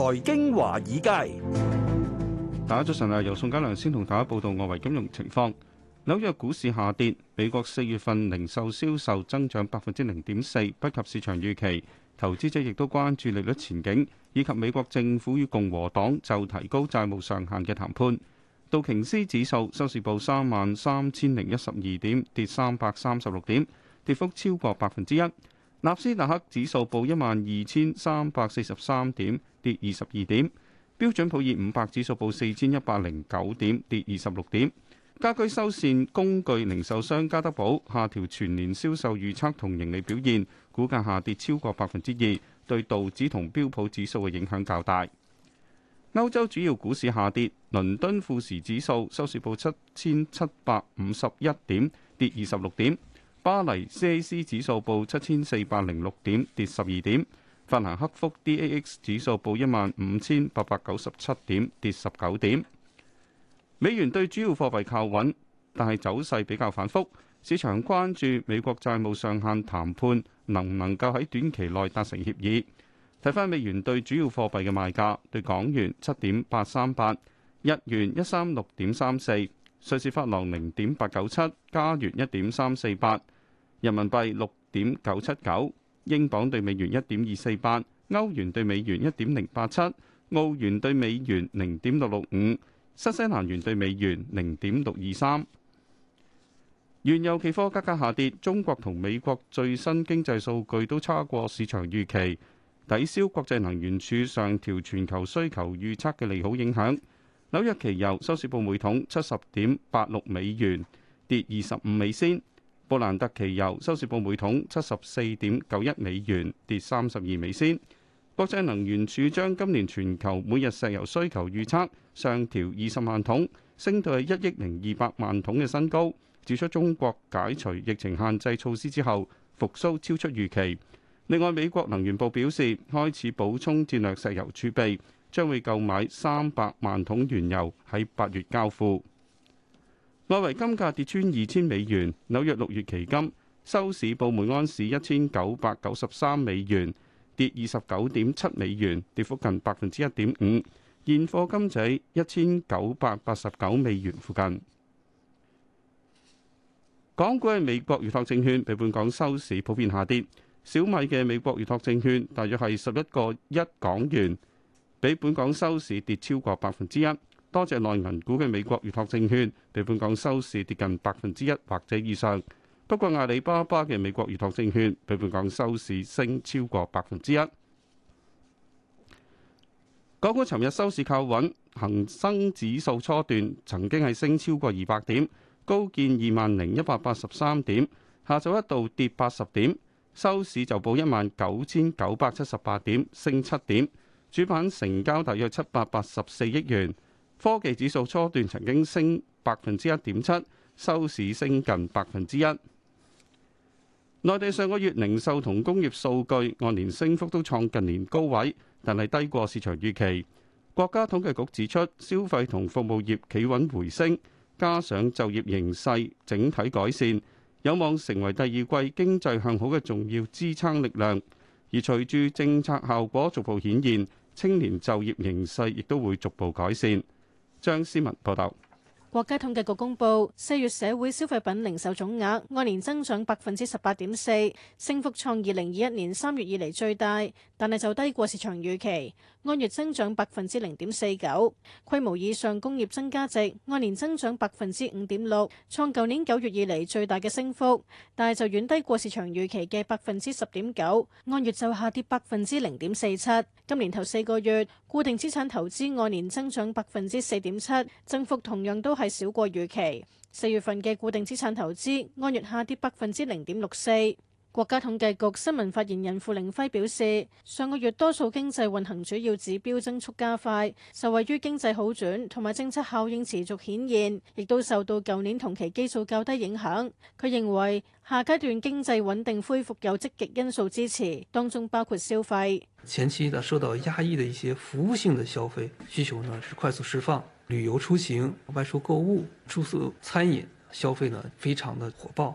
財經華爾街，大家早晨啊！由宋嘉良先同大家報道外圍金融情況。紐約股市下跌，美國四月份零售銷售，售增長百分之零點四，不及市場預期。投資者亦都關注利率前景，以及美國政府與共和黨就提高債務上限嘅談判。道瓊斯指數收市報三萬三千零一十二點，跌三百三十六點，跌幅超過百分之一。納斯達克指數報一萬二千三百四十三點，跌二十二點。標準普爾五百指數報四千一百零九點，跌二十六點。家居修繕工具零售商家得寶下調全年銷售預測同盈利表現，股價下跌超過百分之二，對道指同標普指數嘅影響較大。歐洲主要股市下跌，倫敦富時指數收市報七千七百五十一點，跌二十六點。巴黎 CAC 指數報七千四百零六點，跌十二點。法蘭克福 DAX 指數報一萬五千八百九十七點，跌十九點。美元對主要貨幣靠穩，但係走勢比較反覆。市場關注美國債務上限談判能唔能夠喺短期內達成協議。睇翻美元對主要貨幣嘅賣價，對港元七點八三八，日元一三六點三四。瑞士法郎零點八九七，加元一點三四八，人民幣六點九七九，英鎊兌美元一點二四八，歐元兌美元一點零八七，澳元兌美元零點六六五，新西蘭元兌美元零點六二三。原油期貨價格下跌，中國同美國最新經濟數據都差過市場預期，抵消國際能源署上調全球需求預測嘅利好影響。紐約期油收市報每桶七十點八六美元，跌二十五美仙。布蘭特期油收市報每桶七十四點九一美元，跌三十二美仙。國際能源署將今年全球每日石油需求預測上調二十萬桶，升到係一億零二百萬桶嘅新高，指出中國解除疫情限制措施之後復甦超出預期。另外，美國能源部表示開始補充戰略石油儲備。將會購買三百萬桶原油喺八月交付。外圍金價跌穿二千美元，紐約六月期金收市報每安士一千九百九十三美元，跌二十九點七美元，跌幅近百分之一點五。現貨金仔一千九百八十九美元附近。港股嘅美國預託證券被本港收市普遍下跌，小米嘅美國預託證券大約係十一個一港元。比本港收市跌超過百分之一，多謝內銀股嘅美國預託證券。比本港收市跌近百分之一或者以上。不過阿里巴巴嘅美國預託證券比本港收市升超過百分之一。港股尋日收市靠穩，恒生指數初段曾經係升超過二百點，高見二萬零一百八十三點。下晝一度跌八十點，收市就報一萬九千九百七十八點，升七點。主板成交大約七百八十四億元，科技指數初段曾經升百分之一點七，收市升近百分之一。內地上個月零售同工業數據按年升幅都創近年高位，但係低過市場預期。國家統計局指出，消費同服務業企穩回升，加上就業形勢整體改善，有望成為第二季經濟向好嘅重要支撐力量。而隨住政策效果逐步顯現。青年就業形勢亦都會逐步改善。張思文報導，國家統計局公布四月社會消費品零售總額按年增長百分之十八點四，升幅創二零二一年三月以嚟最大，但係就低過市場預期。按月增長百分之零點四九，規模以上工業增加值按年增長百分之五點六，創舊年九月以嚟最大嘅升幅，但係就遠低過市場預期嘅百分之十點九，按月就下跌百分之零點四七。今年頭四個月固定資產投資按年增長百分之四點七，增幅同樣都係少過預期。四月份嘅固定資產投資按月下跌百分之零點六四。國家統計局新聞發言人付凌暉表示，上個月多數經濟運行主要指標增速加快，受惠於經濟好轉同埋政策效應持續顯現，亦都受到舊年同期基數較低影響。佢認為下階段經濟穩定恢復有積極因素支持，當中包括消費。前期呢受到壓抑的一些服務性的消費需求呢是快速釋放，旅遊出行、外出購物、住宿、餐飲消費呢非常的火爆。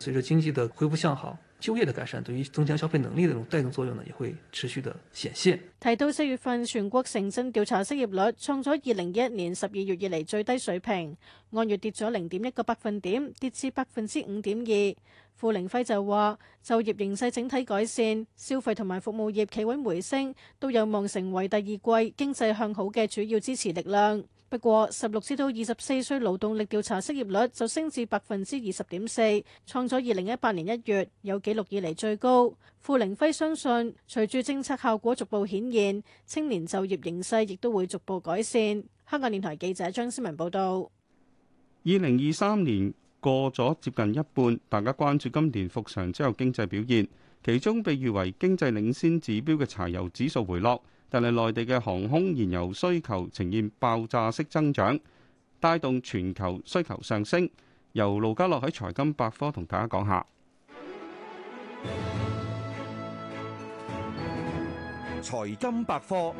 隨着經濟的恢復向好、就業的改善，對於增強消費能力的這種帶動作用呢，也會持續的顯現。提到四月份全國城鎮調查失業率創咗二零一一年十二月以嚟最低水平，按月跌咗零點一個百分點，跌至百分之五點二。傅凌輝就話，就業形勢整體改善，消費同埋服務業企穩回升，都有望成為第二季經濟向好嘅主要支持力量。不過，十六至到二十四歲勞動力調查失業率就升至百分之二十點四，創咗二零一八年一月有記錄以嚟最高。傅凌輝相信，隨住政策效果逐步顯現，青年就業形勢亦都會逐步改善。香港電台記者張思文報道：二零二三年過咗接近一半，大家關注今年復常之後經濟表現，其中被譽為經濟領先指標嘅柴油指數回落。但係，內地嘅航空燃油需求呈現爆炸式增長，帶動全球需求上升。由盧家樂喺財金百科同大家講下。財金百科。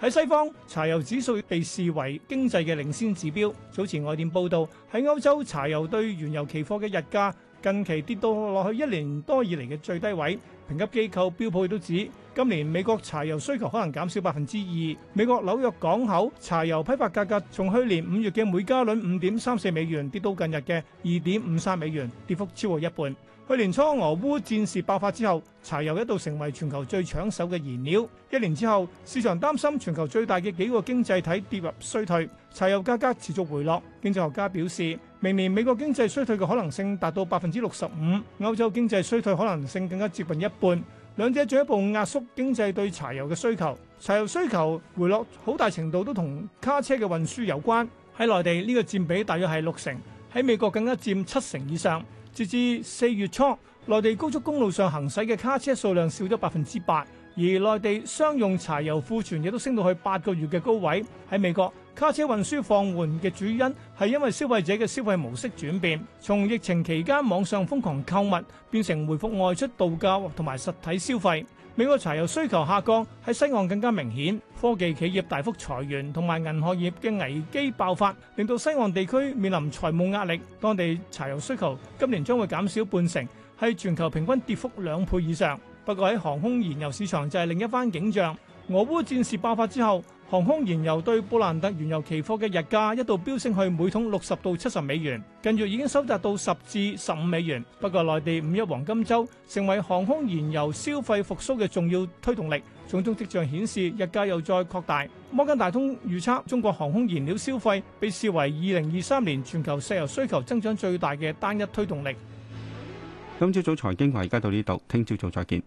喺西方，柴油指數被視為經濟嘅領先指標。早前外電報道，喺歐洲柴油對原油期貨嘅日價。近期跌到落去一年多以嚟嘅最低位，評級機構標普都指今年美國柴油需求可能減少百分之二。美國紐約港口柴油批發價格從去年五月嘅每加侖五點三四美元跌到近日嘅二點五三美元，跌幅超過一半。去年初俄烏戰事爆發之後，柴油一度成為全球最搶手嘅燃料。一年之後，市場擔心全球最大嘅幾個經濟體跌入衰退，柴油價格持續回落。經濟學家表示。明年美國經濟衰退嘅可能性達到百分之六十五，歐洲經濟衰退可能性更加接近一半，兩者進一步壓縮經濟對柴油嘅需求。柴油需求回落好大程度都同卡車嘅運輸有關。喺內地呢個佔比大約係六成，喺美國更加佔七成以上。截至四月初，內地高速公路上行駛嘅卡車數量少咗百分之八。而內地商用柴油庫存亦都升到去八個月嘅高位。喺美國，卡車運輸放緩嘅主因係因為消費者嘅消費模式轉變，從疫情期間網上瘋狂購物變成回覆外出度假同埋實體消費。美國柴油需求下降喺西岸更加明顯。科技企業大幅裁員同埋銀行業嘅危機爆發，令到西岸地區面臨財務壓力。當地柴油需求今年將會減少半成，係全球平均跌幅兩倍以上。不過喺航空燃油市場就係另一番景象。俄烏戰事爆發之後，航空燃油對布蘭特原油期貨嘅日價一度飆升去每桶六十到七十美元，近月已經收窄到十至十五美元。不過內地五一黃金周成為航空燃油消費復甦嘅重要推動力，種種跡象顯示日價又再擴大。摩根大通預測，中國航空燃料消費被視為二零二三年全球石油需求增長最大嘅單一推動力。今朝早上財經華爾街，而家到呢度，聽朝早再見。